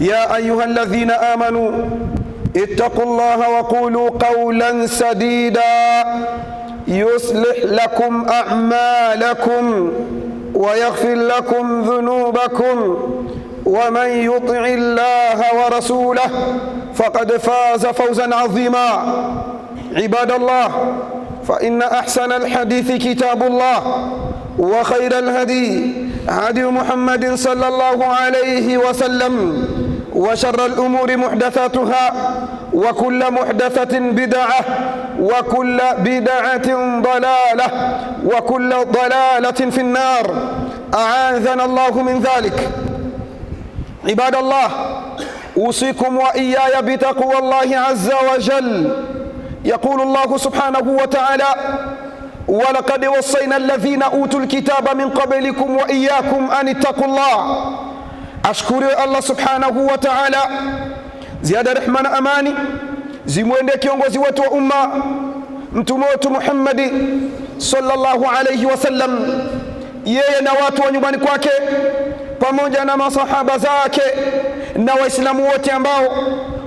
يا أيها الذين آمنوا اتقوا الله وقولوا قولا سديدا يصلح لكم أعمالكم ويغفر لكم ذنوبكم ومن يطع الله ورسوله فقد فاز فوزا عظيما عباد الله فإن أحسن الحديث كتاب الله وخير الهدي هدي محمد صلى الله عليه وسلم وشر الأمور محدثاتها وكل محدثة بدعة وكل بدعة ضلالة وكل ضلالة في النار أعاذنا الله من ذلك عباد الله أوصيكم وإياي بتقوى الله عز وجل يقول الله سبحانه وتعالى ولقد وصينا الذين أوتوا الكتاب من قبلكم وإياكم أن اتقوا الله Ashukuriwe Allah subhanahu wa ta'ala, ziada rehma na amani zimwende kiongozi wetu wa umma mtume wetu Muhammadi sallallahu alayhi wasallam, yeye na watu wa nyumbani kwake pamoja na masahaba zake na Waislamu wote ambao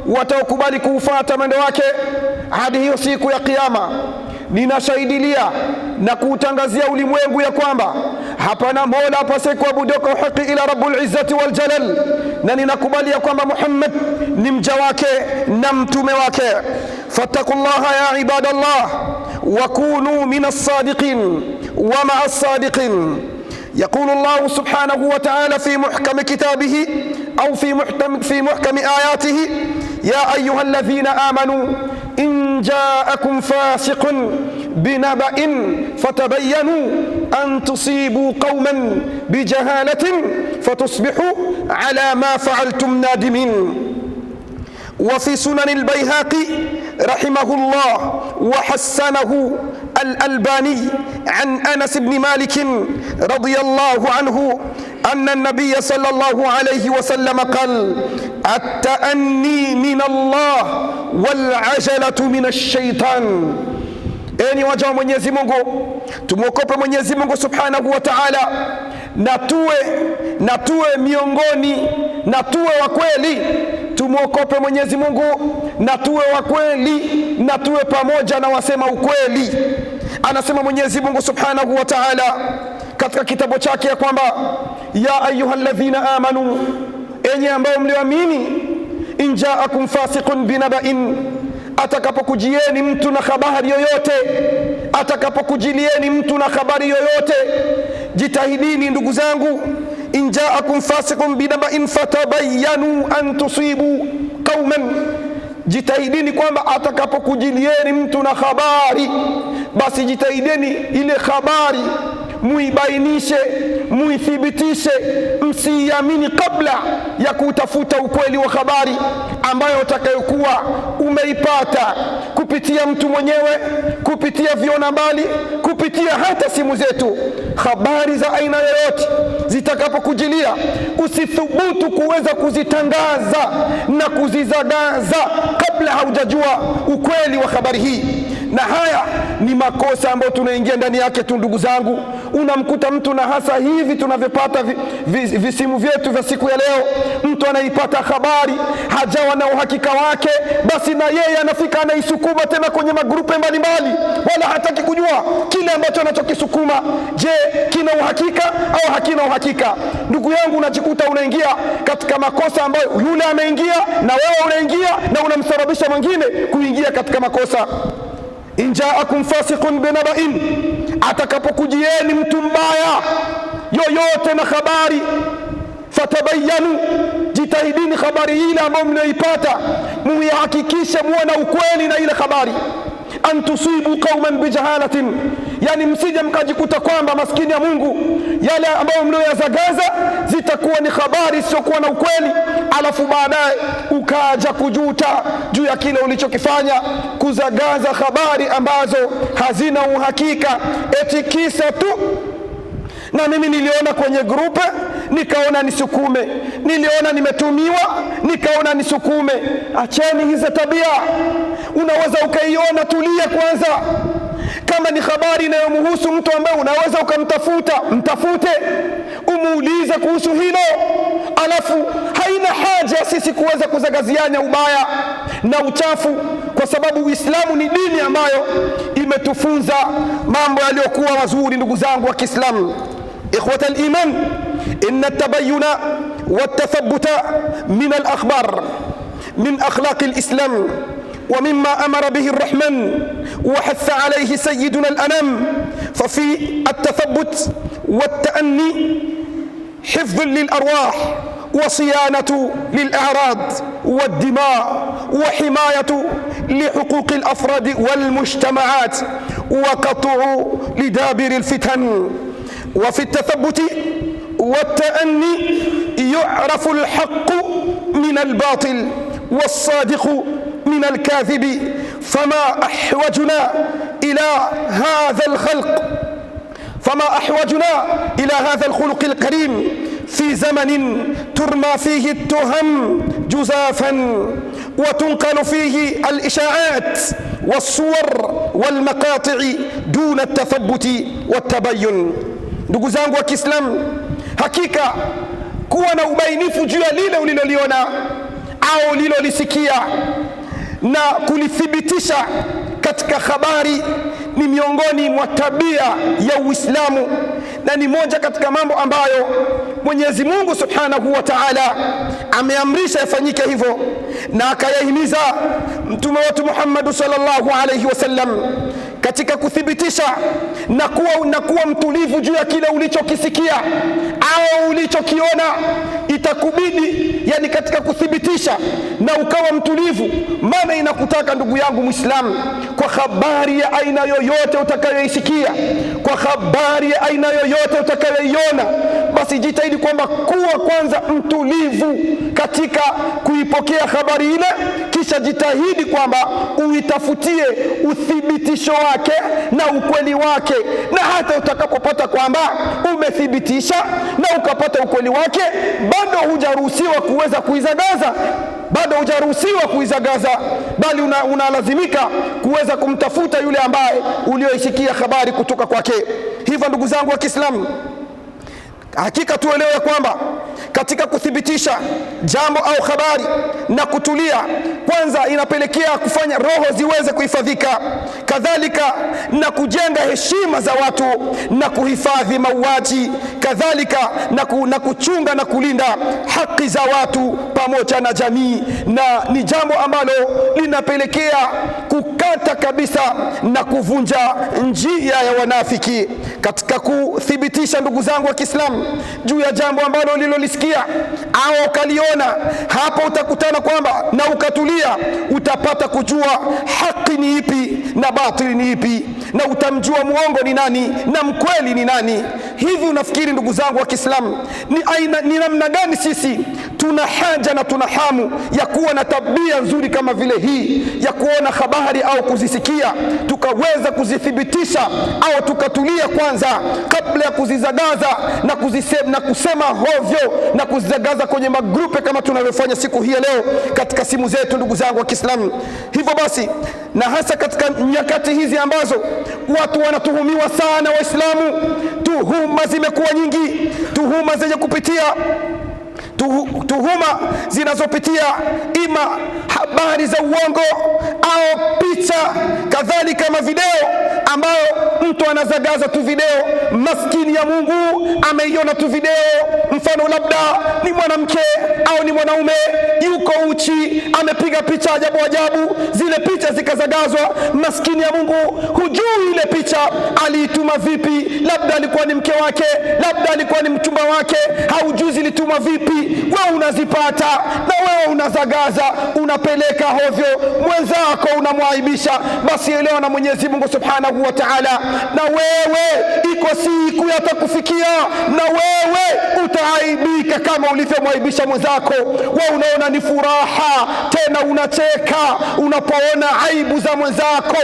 wataokubali kuufuata mwendo wake hadi hiyo siku ya Kiyama. Ninashahidilia na kuutangazia ulimwengu ya kwamba hapana mola apaswe kuabudiwa kwa haki ila rabbul izzati wal jalal, na ninakubali ya kwamba Muhammad ni mja wake na mtume wake. Fattaqullaha ya ibadallah wa kunu min as-sadiqin wa ma'a as-sadiqin. Yaqulu Allahu subhanahu wa ta'ala fi muhkami kitabihi au fi muhkami fi muhkami ayatihi ya ayyuhalladhina amanu in ja'akum fasiqun بنبأ فتبينوا أن تصيبوا قوما بجهالة فتصبحوا على ما فعلتم نادمين وفي سنن البيهقي رحمه الله وحسنه الألباني عن أنس بن مالك رضي الله عنه أن النبي صلى الله عليه وسلم قال التأني من الله والعجلة من الشيطان Enyi waja wa Mwenyezi Mungu, tumwokope Mwenyezi Mungu subhanahu wa taala, na tuwe na tuwe miongoni na tuwe wa kweli. Tumwokope Mwenyezi Mungu na tuwe wa kweli, na tuwe pamoja na wasema ukweli. Anasema Mwenyezi Mungu subhanahu wa taala katika kitabu chake ya kwamba ya ayuha alladhina amanu, enyi ambayo mlioamini, injaakum fasiqun binabain atakapokujieni mtu na habari yoyote, atakapokujilieni mtu na habari yoyote, jitahidini ndugu zangu, injaakum fasiqun binabain fatabayanu an tusibu qauman, jitahidini kwamba atakapokujilieni mtu na habari, basi jitahidini ile habari muibainishe, muithibitishe, msiiamini kabla ya kutafuta ukweli wa habari ambayo utakayokuwa umeipata kupitia mtu mwenyewe, kupitia viona mbali, kupitia hata simu zetu. Habari za aina yoyote zitakapokujilia, usithubutu kuweza kuzitangaza na kuzizagaza kabla haujajua ukweli wa habari hii, na haya ni makosa ambayo tunaingia ndani yake tu, ndugu zangu unamkuta mtu na hasa hivi tunavyopata visimu vyetu vya siku ya leo, mtu anaipata habari hajawa na uhakika wake, basi na yeye anafika anaisukuma tena kwenye magrupe mbalimbali, wala hataki kujua kile ambacho anachokisukuma, je, kina uhakika au hakina uhakika? Ndugu yangu, unajikuta unaingia katika makosa ambayo yule ameingia na wewe unaingia na unamsababisha mwingine kuingia katika makosa injaakum fasiqun binabain, atakapokujieni mtu mbaya yoyote na habari, fatabayanu, jitahidini habari ile ambayo mnayoipata muihakikishe muwe na ukweli na ile habari an tusibu qauman bijahalatin, yani msije mkajikuta kwamba maskini ya Mungu yale ambayo mlioyazagaza zitakuwa ni habari isiyokuwa na ukweli, alafu baadaye ukaja kujuta juu ya kile ulichokifanya, kuzagaza habari ambazo hazina uhakika, eti kisa tu. Na mimi niliona kwenye grupe nikaona nisukume, niliona nimetumiwa, nikaona nisukume. Acheni hizo tabia, unaweza ukaiona, tulia kwanza. Kama ni habari inayomhusu mtu ambaye unaweza ukamtafuta, mtafute, umuulize kuhusu hilo, alafu haina haja sisi kuweza kuzagazianya ubaya na uchafu, kwa sababu Uislamu ni dini ambayo imetufunza mambo yaliyokuwa mazuri, ndugu zangu wa Kiislamu. إخوة الإيمان إن التبين والتثبت من الأخبار من أخلاق الإسلام ومما أمر به الرحمن وحث عليه سيدنا الأنام ففي التثبت والتأني حفظ للأرواح وصيانة للأعراض والدماء وحماية لحقوق الأفراد والمجتمعات وقطع لدابر الفتن وفي التثبت والتأني يعرف الحق من الباطل والصادق من الكاذب فما أحوجنا إلى هذا الخلق فما أحوجنا إلى هذا الخلق الكريم في زمن ترمى فيه التهم جزافا وتنقل فيه الإشاعات والصور والمقاطع دون التثبت والتبين Ndugu zangu wa Kiislamu, hakika kuwa na ubainifu juu ya lile uliloliona au ulilolisikia na kulithibitisha katika habari ni miongoni mwa tabia ya Uislamu na ni moja katika mambo ambayo Mwenyezi Mungu Subhanahu wa Ta'ala ameamrisha yafanyike hivyo, na akayahimiza mtume wetu Muhammad sallallahu alayhi wasallam katika kuthibitisha na kuwa, na kuwa mtulivu juu ya kile ulichokisikia au ulichokiona, itakubidi yani katika kuthibitisha na ukawa mtulivu. Maana inakutaka ndugu yangu Muislamu, kwa habari ya aina yoyote utakayoisikia, kwa habari ya aina yoyote utakayoiona, basi jitahidi kwamba kuwa kwanza mtulivu katika kuipokea habari ile, kisha jitahidi kwamba uitafutie uthibitisho wa wake na ukweli wake, na hata utakapopata kwamba umethibitisha na ukapata ukweli wake, bado hujaruhusiwa kuweza kuizagaza bado hujaruhusiwa kuizagaza, bali unalazimika una kuweza kumtafuta yule ambaye ulioisikia habari kutoka kwake. Hivyo ndugu zangu wa Kiislamu, hakika tuelewe kwamba katika kuthibitisha jambo au habari na kutulia kwanza, inapelekea kufanya roho ziweze kuhifadhika, kadhalika na kujenga heshima za watu na kuhifadhi mauaji, kadhalika na, ku, na kuchunga na kulinda haki za watu pamoja na jamii, na ni jambo ambalo linapelekea kukata kabisa na kuvunja njia ya wanafiki katika kuthibitisha, ndugu zangu wa Kiislamu, juu ya jambo ambalo lilolisikia ukalisikia au ukaliona, hapo utakutana kwamba na ukatulia, utapata kujua haki ni ipi na batili ni ipi, na utamjua mwongo ni nani na mkweli ni nani. Hivi unafikiri ndugu zangu wa Kiislamu, ni aina ni namna gani sisi tuna haja na tuna hamu ya kuwa na tabia nzuri kama vile hii ya kuona habari au kuzisikia, tukaweza kuzithibitisha au tukatulia kwanza kabla ya kuzizagaza na, kuzisema, na kusema hovyo na kuzizagaza kwenye magrupe kama tunavyofanya siku hii ya leo katika simu zetu, ndugu zangu wa Kiislamu. Hivyo basi, na hasa katika nyakati hizi ambazo watu wanatuhumiwa sana Waislamu, tuhuma zimekuwa nyingi, tuhuma zenye kupitia tuhuma zinazopitia ima habari za uongo au picha kadhalika, mavideo mtu anazagaza tu video, maskini ya Mungu ameiona tu video, mfano labda ni mwanamke au ni mwanaume yuko uchi, amepiga picha ajabu ajabu, zile picha zikazagazwa. Maskini ya Mungu hujui ile picha aliituma vipi, labda alikuwa ni mke wake, labda alikuwa ni mchumba wake, haujui zilituma vipi. Wewe unazipata na wewe unazagaza, unapeleka hovyo, mwenzako unamwaibisha. Basi elewa na Mwenyezi Mungu subhanahu wa taala na wewe iko siku yatakufikia, na wewe utaaibika kama ulivyomwaibisha mwenzako. Wewe unaona ni furaha tena, unacheka unapoona aibu za mwenzako,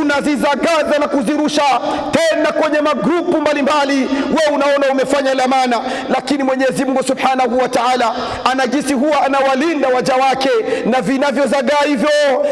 unazizagaza na kuzirusha tena kwenye magrupu mbalimbali. We unaona umefanya lamana, lakini Mwenyezi Mungu Subhanahu wa Ta'ala anajisi huwa anawalinda waja wake, na vinavyozagaa hivyo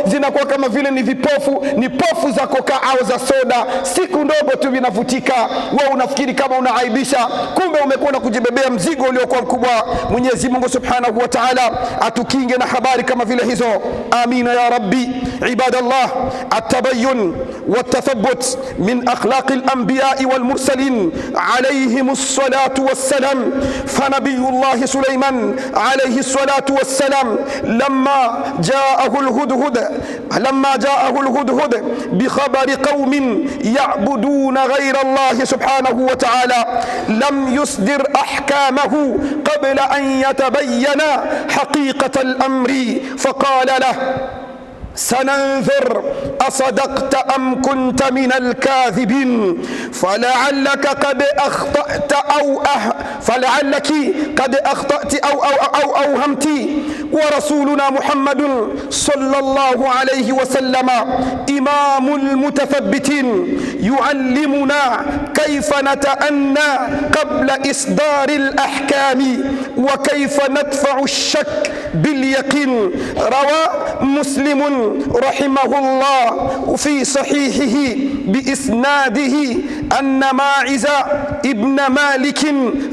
zinakuwa kama vile ni vipofu, ni pofu za kokaa au za soda siku vidogo tu vinafutika, wewe unafikiri kama unaaibisha, kumbe umekuwa na kujibebea mzigo uliokuwa mkubwa. Mwenyezi Mungu Subhanahu wa Ta'ala atukinge na habari kama vile hizo, amina ya rabbi. Ibadallah, atabayun watathabut min akhlaqi al-anbiya'i wal mursalin alayhim as-salatu was-salam. Fa nabiyullah Sulaiman alayhi as-salatu was-salam lamma ja'ahu al-hudhud lamma ja'ahu al-hudhud bi khabari qaumin ya'bud يعبدون غير الله سبحانه وتعالى لم يصدر أحكامه قبل أن يتبين حقيقة الأمر فقال له سننذر أصدقت أم كنت من الكاذبين فلعلك قد أخطأت أو أه فلعلك قد أخطأت أو أو أو أوهمت ورسولنا محمد صلى الله عليه وسلم إمام المتثبتين يعلمنا كيف نتأنى قبل إصدار الأحكام وكيف ندفع الشك باليقين روى مسلم رحمه الله في صحيحه بإسناده أن ماعز ابن مالك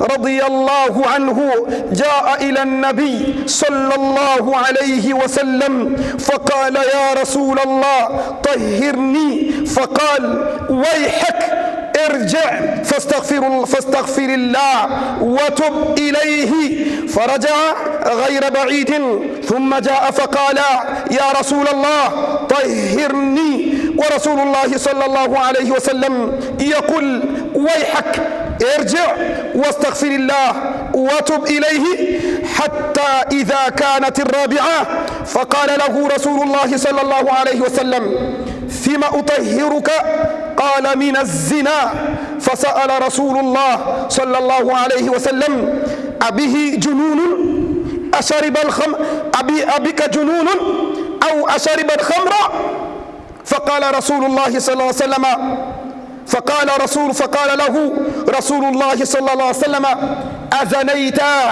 رضي الله عنه جاء إلى النبي صلى الله عليه وسلم فقال يا رسول الله طهرني فقال ويحك ارجع فاستغفر, فاستغفر الله وتب إليه فرجع غير بعيد ثم جاء فقال يا رسول الله طهرني ورسول الله صلى الله عليه وسلم يقول ويحك ارجع واستغفر الله وتب إليه حتى إذا كانت الرابعة فقال له رسول الله صلى الله عليه وسلم فيما أطهرك قال من الزنا فسأل رسول الله صلى الله عليه وسلم أبه جنون أشرب الخمر أبي أبك جنون أو أشرب الخمر فقال رسول الله صلى الله عليه وسلم فقال رسول فقال له رسول الله صلى الله عليه وسلم أزنيتا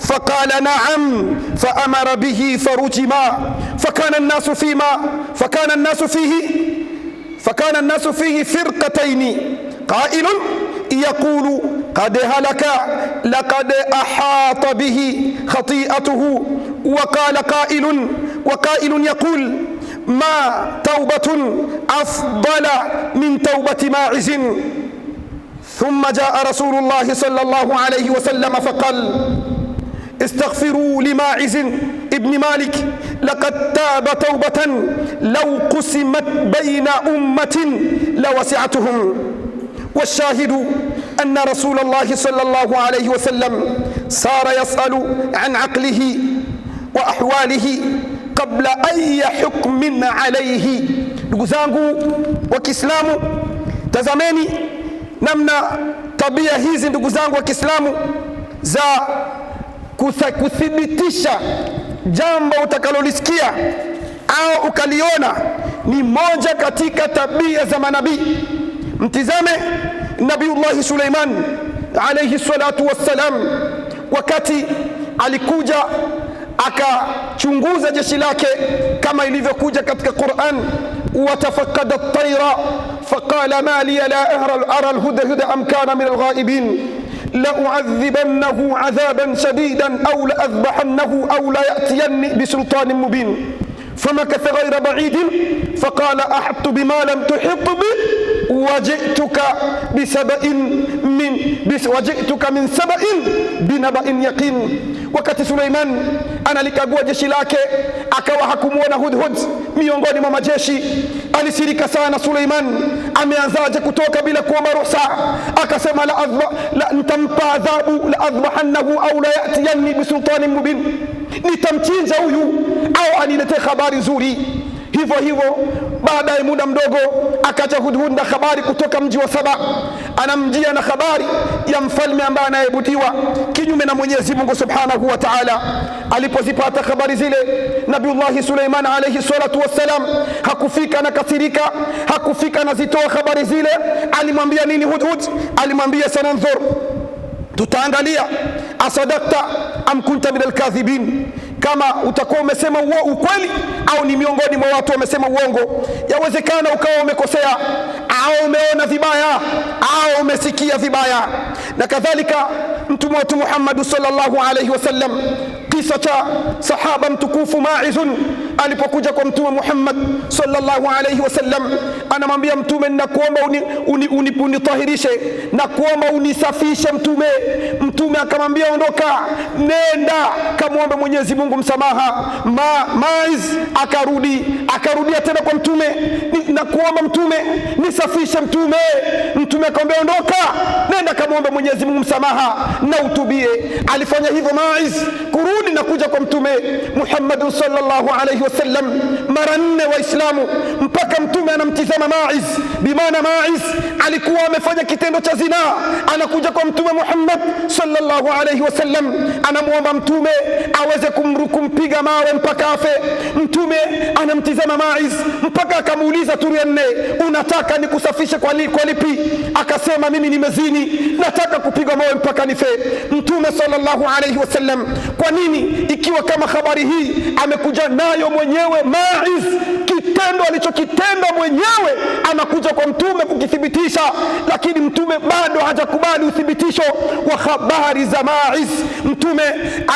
فقال نعم فأمر به فرجما فكان الناس فيما فكان الناس فيه فكان الناس فيه فرقتين قائل يقول قد هلك لقد أحاط به خطيئته وقال قائل وقائل يقول ما توبة أفضل من توبة ماعز ثم جاء رسول الله صلى الله عليه وسلم فقال استغفروا لماعز ابن مالك لقد تاب توبة لو قسمت بين أمة لوسعتهم والشاهد أن رسول الله صلى الله عليه وسلم صار يسأل عن عقله وأحواله قبل أي حكم عليه ndugu وكسلامه تزماني نمنا طبيعة namna tabia وكسلامه ذا zangu jambo utakalolisikia au ukaliona ni moja katika tabia za manabii. Mtizame Nabiullahi Suleiman alayhi salatu wassalam, wakati alikuja akachunguza jeshi lake kama ilivyokuja katika Quran, watafakada taira faqala ma liya la ara alhudahuda am kana min alghaibin لأعذبنه عذابا شديدا أو لأذبحنه أو ليأتيني بسلطان مبين فمكث غير بعيد فقال أحط بما لم تحط به وجئتك بسبأ من وجئتك من سبأ بنبأ يقين Wakati Suleiman analikagua jeshi lake akawa hakumwona Hudhud miongoni mwa majeshi, alisirika sana. Suleiman ameanzaje kutoka bila kuomba ruhusa? Akasema la la ntampa adhabu la adhbahannahu au la yatiyanni bisultanin mubin, nitamchinja huyu au aniletee habari nzuri. Hivyo hivyo Baadaye muda mdogo akaja Hudhud na habari kutoka mji wa Saba, anamjia na habari ya mfalme ambaye anayebutiwa kinyume na Mwenyezi Mungu subhanahu wa taala. Alipozipata habari zile, Nabiullahi Suleiman alayhi salatu wassalam hakufika na kasirika, hakufika anazitoa habari zile. Alimwambia nini Hudhud? Alimwambia sanandhur, tutaangalia asadakta am kunta min alkadhibin kama utakuwa umesema ukweli au ni miongoni mwa watu wamesema uongo. Yawezekana ukawa umekosea au umeona vibaya au umesikia vibaya na kadhalika. Mtume wetu Muhammad sallallahu alaihi wasallam, kisa cha sahaba mtukufu Maizun alipokuja kwa Mtume Muhammad sallallahu alayhi wasallam, anamwambia Mtume, nakuomba unitahirishe, uni, uni, uni nakuomba unisafishe Mtume. Mtume akamwambia ondoka, nenda kamwombe Mwenyezi Mungu msamaha. Ma, maiz akarudi, akarudia tena kwa Mtume, nakuomba Mtume nisafishe Mtume. Mtume akamwambia ondoka, nenda kamwombe Mwenyezi Mungu msamaha na utubie. Alifanya hivyo Maiz kurudi na kuja kwa Mtume Muhammad sallallahu alayhi wasallam mara nne Waislamu, mpaka mtume anamtizama Maiz, bimaana Maiz alikuwa amefanya kitendo cha zinaa, anakuja kwa mtume Muhammad sallallahu alayhi wasallam, anamwomba mtume aweze kumpiga mawe mpaka afe. Mtume anamtizama Maiz mpaka akamuuliza turu nne, unataka nikusafishe kwa, li, kwa lipi? Akasema mimi nimezini, nataka kupigwa mawe mpaka nife. Mtume sallallahu alayhi wasallam, kwa nini ikiwa kama habari hii amekuja nayo mwenyewe Maiz, kitendo alichokitenda mwenyewe anakuja kwa mtume kukithibitisha, lakini mtume bado hajakubali uthibitisho wa habari za Maiz. Mtume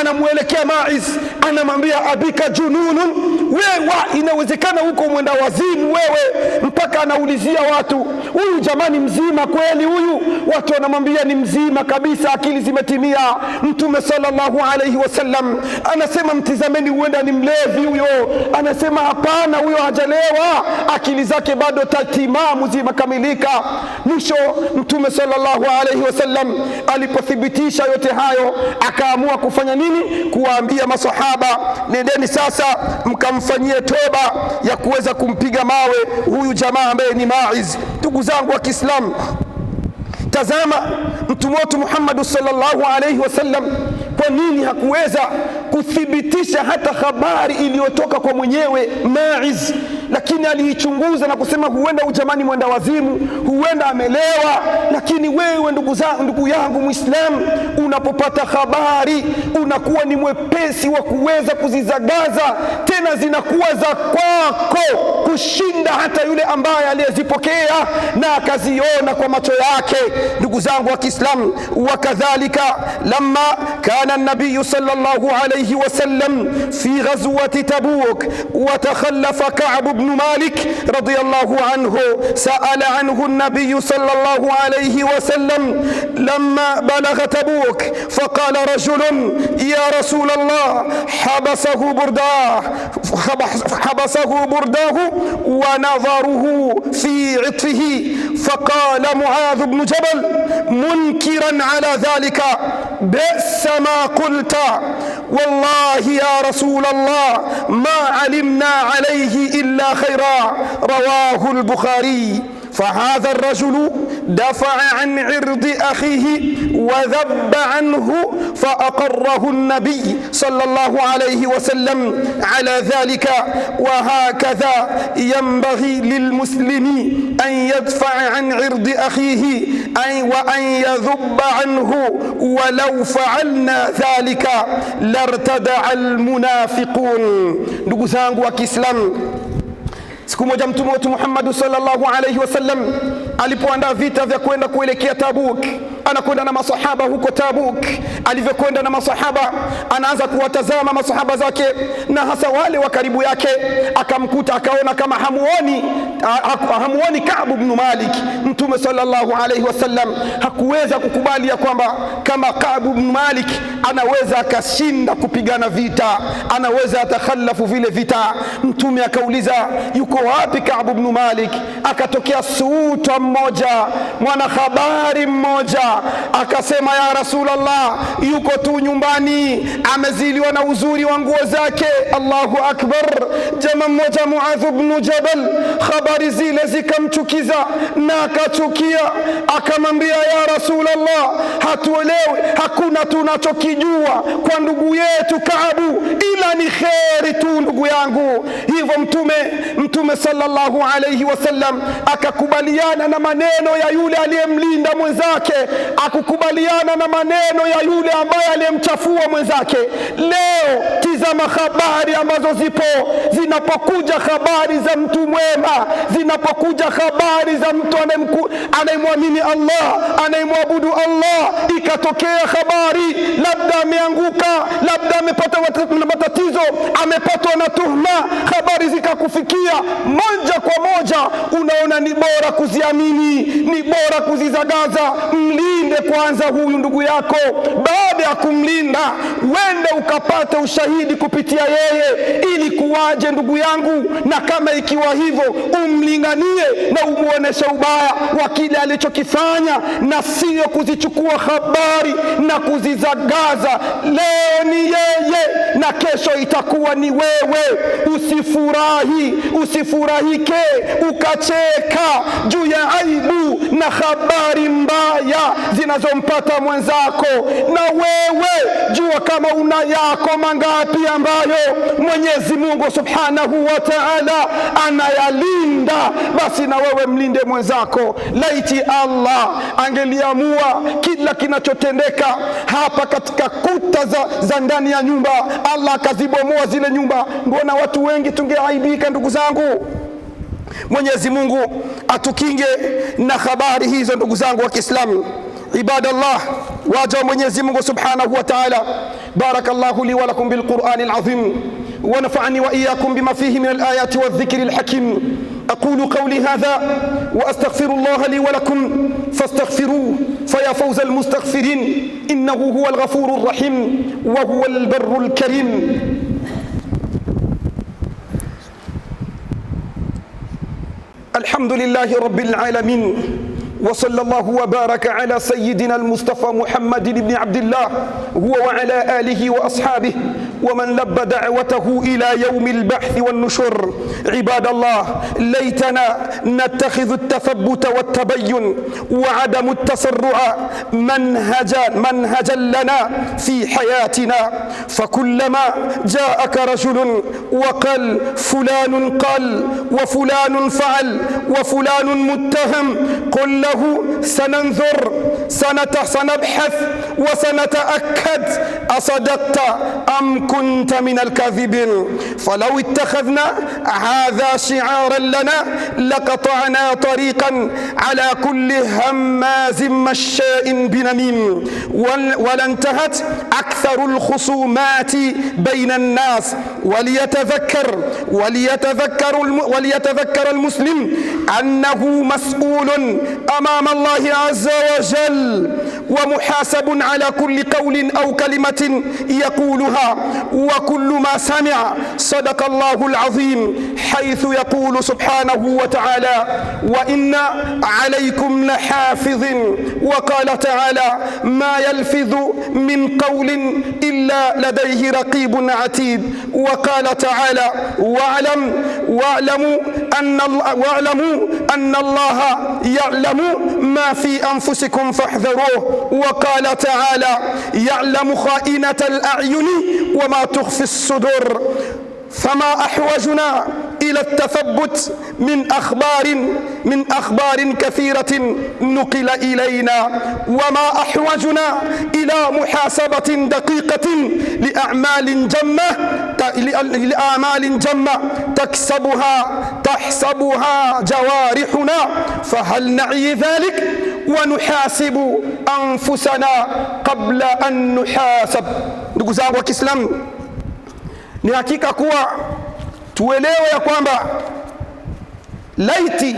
anamwelekea Maiz, anamwambia abika jununun wewa, inawezekana huko mwenda wazimu wewe, mpaka anaulizia watu, huyu jamani mzima kweli huyu? Watu wanamwambia ni mzima kabisa, akili zimetimia. Mtume sallallahu alaihi wasallam anasema mtizameni, huenda ni mlevi huyo. Anasema hapana, huyo hajalewa, akili zake bado tatimamu zimekamilika. Mwisho Mtume sallallahu alaihi wasallam alipothibitisha yote hayo, akaamua kufanya nini? Kuwaambia masahaba, nendeni sasa mkam mfanyie toba ya kuweza kumpiga mawe huyu jamaa ambaye ni Maiz. Ndugu zangu wa Kiislamu, tazama mtume wetu Muhammad sallallahu alaihi wasallam, kwa nini hakuweza kuthibitisha hata habari iliyotoka kwa mwenyewe Maiz, lakini aliichunguza na kusema huenda ujamani mwenda wazimu, huenda amelewa. Lakini wewe ndugu zangu, ndugu yangu Muislamu, unapopata habari unakuwa ni mwepesi wa kuweza kuzizagaza tena zinakuwa za kwako kushinda hata yule ambaye aliyezipokea na akaziona kwa macho yake. Ndugu zangu wa Kiislamu, wa kadhalika lamma kana nabiyu sallallahu alayhi wasallam fi ghazwati Tabuk wa takhallafa Ka'b ibn Malik radiyallahu anhu sa'ala anhu an-nabiy sallallahu alayhi wasallam lamma balagha Tabuk faqala rajul ya rasul Allah habasahu burdah حبسه برداه ونظره في عطفه فقال معاذ بن جبل منكرا على ذلك بئس ما قلت والله يا رسول الله ما علمنا عليه إلا خيرا رواه البخاري فهذا الرجل دفع عن عرض أخيه وذب عنه فأقره النبي صلى الله عليه وسلم على ذلك وهكذا ينبغي للمسلم أن يدفع عن عرض أخيه أي وأن يذب عنه ولو فعلنا ذلك لارتدع المنافقون ndugu وكسلم سكو مجمت موت محمد صلى الله عليه وسلم alipoandaa vita vya kwenda kuelekea Tabuk, anakwenda na masahaba huko Tabuk. Alivyokwenda na masahaba, anaanza kuwatazama masahaba zake na hasa wale wa karibu yake, akamkuta akaona kama hamuoni, hamuoni Kaabu bnu Malik. Mtume sallallahu alaihi wasallam hakuweza kukubali ya kwamba kama Kaabu bnu Malik anaweza akashinda kupigana vita, anaweza atakhalafu vile vita. Mtume akauliza, yuko wapi Kaabu bnu Malik? Akatokea suuta mmoja mwanahabari mmoja akasema, ya Rasulullah, yuko tu nyumbani ameziliwa na uzuri wa nguo zake. Allahu akbar! jama mmoja muadhu bnu Jabal, habari zile zikamchukiza na akachukia, akamwambia, ya Rasulullah, hatuelewi, hakuna tunachokijua kwa ndugu yetu Kaabu ila ni kheri tu, ndugu yangu. Hivyo Mtume Mtume sallallahu alayhi wasallam akakubaliana na maneno ya yule aliyemlinda mwenzake, akukubaliana na maneno ya yule ambaye aliyemchafua mwenzake. Leo tizama habari ambazo zipo zinapokuja, habari za mtu mwema, zinapokuja habari za mtu anayemwamini Allah, anayemwabudu Allah, ikatokea habari labda ameanguka, labda amepata matatizo, amepatwa na tuhma, habari zikakufikia moja kwa moja, unaona ni bora kuziamini mwaamini, ni bora kuzizagaza. Mlinde kwanza huyu ndugu yako, baada ya kumlinda wende ukapate ushahidi kupitia yeye, ili kuwaje ndugu yangu. Na kama ikiwa hivyo, umlinganie na umuoneshe ubaya wa kile alichokifanya, na siyo kuzichukua habari na kuzizagaza. Leo ni yeye na kesho itakuwa ni wewe. Usifurahi, usifurahike ukacheka juu ya aibu na habari mbaya zinazompata mwenzako. Na wewe jua kama una yako mangapi ambayo Mwenyezi Mungu Subhanahu wa Ta'ala anayalinda, basi na wewe mlinde mwenzako. Laiti Allah angeliamua kila kinachotendeka hapa katika kuta za, za ndani ya nyumba, Allah akazibomoa zile nyumba, mbona watu wengi tungeaibika ndugu zangu. Mwenyezi Mungu atukinge na habari hizo, ndugu zangu wa Kiislamu. Ibadallah, waja wa Mwenyezi Mungu subhanahu wa ta'ala. Barakallahu li wa lakum bil Qur'ani al-azim wa nafa'ani wa iyyakum bima fihi min al-ayati wadh-dhikri al-hakim. أقول قولي هذا وأستغفر الله لي ولكم فاستغفروه فيا فوز المستغفرين إنه هو الغفور الرحيم وهو البر الكريم الحمد لله رب العالمين وصلى الله وبارك على سيدنا المصطفى محمد بن عبد الله هو وعلى آله وأصحابه ومن لب دعوته إلى يوم البحث والنشر عباد الله ليتنا نتخذ التثبت والتبين وعدم التسرع منهجا منهجا لنا في حياتنا فكلما جاءك رجل وقال فلان قال وفلان فعل وفلان متهم قل له سننظر سنبحث وسنتأكد أصدقت أم كنت من الكاذبين فلو اتخذنا هذا شعارا لنا لقطعنا طريقا على كل هماز مشاء بنميم ولانتهت أكثر الخصومات بين الناس وليتذكر وليتذكر وليتذكر المسلم أنه مسؤول أمام الله عز وجل ومحاسب على كل قول أو كلمة يقولها وكل ما سمع صدق الله العظيم حيث يقول سبحانه وتعالى وإن عليكم لحافظ وقال تعالى ما يلفظ من قول إلا لديه رقيب عتيد وقال تعالى واعلم واعلموا أن واعلموا أن الله يعلم ما في أنفسكم فاحذروه وقال تعالى يعلم خائنة الأعين وما تخفي الصدور فما أحوجنا إلى التثبت من أخبار من أخبار كثيرة نقل إلينا وما أحوجنا إلى محاسبة دقيقة لأعمال جمة لأعمال جمة تكسبها تحسبها جوارحنا فهل نعي ذلك ونحاسب أنفسنا قبل أن نحاسب ndugu zangu wa Kiislamu, ni hakika kuwa tuelewe ya kwamba laiti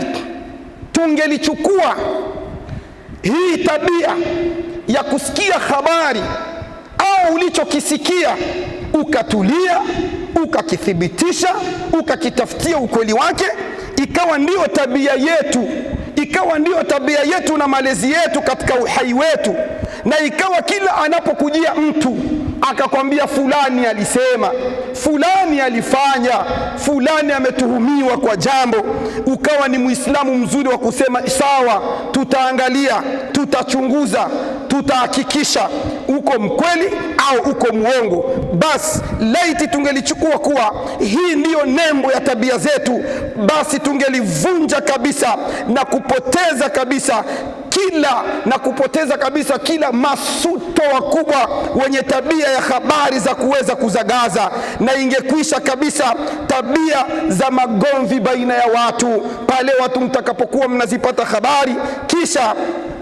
tungelichukua hii tabia ya kusikia habari au ulichokisikia ukatulia ukakithibitisha ukakitafutia ukweli wake, ikawa ndiyo tabia yetu, ikawa ndiyo tabia yetu na malezi yetu katika uhai wetu, na ikawa kila anapokujia mtu akakwambia fulani alisema, fulani alifanya, fulani ametuhumiwa kwa jambo, ukawa ni Muislamu mzuri wa kusema sawa, tutaangalia, tutachunguza, tutahakikisha uko mkweli au uko mwongo. Basi laiti tungelichukua kuwa hii ndiyo nembo ya tabia zetu, basi tungelivunja kabisa na kupoteza kabisa kila na kupoteza kabisa kila masuto wakubwa wenye tabia ya habari za kuweza kuzagaza, na ingekwisha kabisa tabia za magomvi baina ya watu pale watu mtakapokuwa mnazipata habari kisha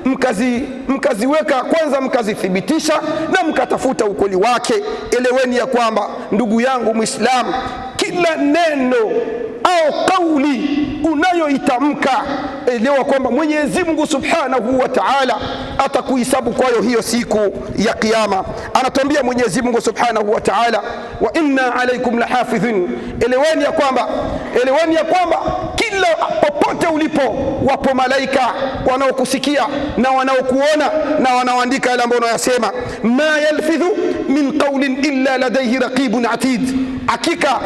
mkazi mkaziweka kwanza, mkazithibitisha na mkatafuta ukweli wake. Eleweni ya kwamba ndugu yangu Muislamu, kila neno au kauli unayoitamka elewa kwamba Mwenyezi Mungu Subhanahu wa Ta'ala atakuhesabu kwayo hiyo siku ya Kiyama. Anatuambia Mwenyezi Mungu Subhanahu wa Ta'ala, wa inna alaykum lahafidhun, eleweni ya kwamba eleweni ya kwamba kila popote ulipo wapo malaika wanaokusikia na wanaokuona na wanaoandika yale ambayo unayasema. ma yalfidhu min qawlin illa ladayhi raqibun atid, hakika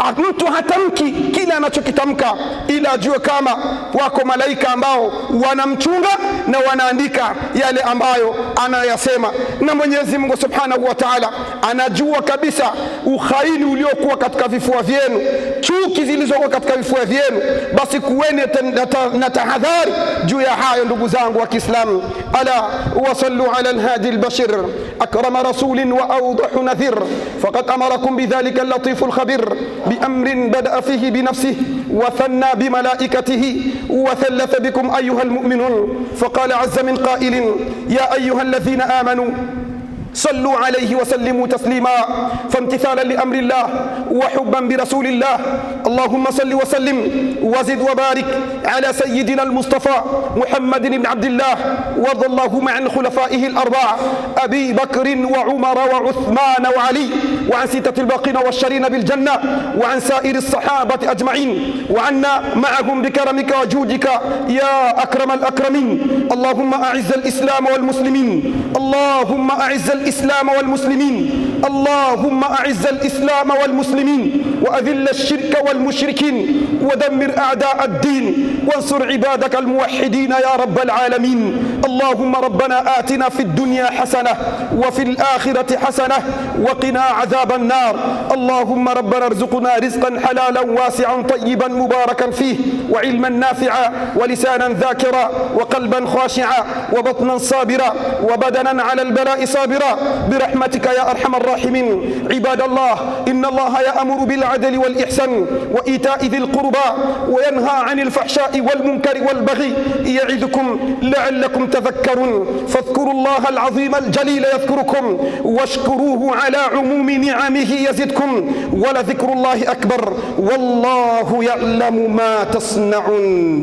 Ah, mtu hatamki kile anachokitamka, ila ajue kama wako malaika ambao wanamchunga na wanaandika yale ambayo anayasema. Na Mwenyezi Mungu Subhanahu wa Ta'ala anajua kabisa ukhaini uliokuwa katika vifua vyenu, chuki zilizokuwa katika vifua vyenu, basi kuweni na tahadhari juu ya hayo, ndugu zangu wa Kiislamu. ala sallu ala alhadi albashir akrama rasulin wa awdahu nadhir faqad amarakum bidhalika allatifu alkhabir بأمر بدأ فيه بنفسه وثنى بملائكته وثلث بكم أيها المؤمنون فقال عز من قائل يا أيها الذين آمنوا صلوا عليه وسلموا تسليما فامتثالا لأمر الله وحبا برسول الله اللهم صل وسلم وزد وبارك على سيدنا المصطفى محمد بن عبد الله وارض اللهم عن خلفائه الأربعة أبي بكر وعمر وعثمان وعلي وعن ستة الباقين والشرين بالجنة وعن سائر الصحابة أجمعين وعنا معهم بكرمك وجودك يا أكرم الأكرمين اللهم أعز الإسلام والمسلمين اللهم أعز الإسلام الإسلام والمسلمين اللهم أعز الإسلام والمسلمين وأذل الشرك والمشركين ودمر أعداء الدين وانصر عبادك الموحدين يا رب العالمين اللهم ربنا آتنا في الدنيا حسنة وفي الآخرة حسنة وقنا عذاب النار اللهم ربنا ارزقنا رزقا حلالا واسعا طيبا مباركا فيه وعلما نافعا ولسانا ذاكرا وقلبا خاشعا وبطنا صابرا وبدنا على البلاء صابرا برحمتك يا أرحم الراحمين الراحمين عباد الله إن الله يأمر بالعدل والإحسان وإيتاء ذي القربى وينهى عن الفحشاء والمنكر والبغي يعظكم لعلكم تذكرون فاذكروا الله العظيم الجليل يذكركم واشكروه على عموم نعمه يزدكم ولذكر الله أكبر والله يعلم ما تصنعون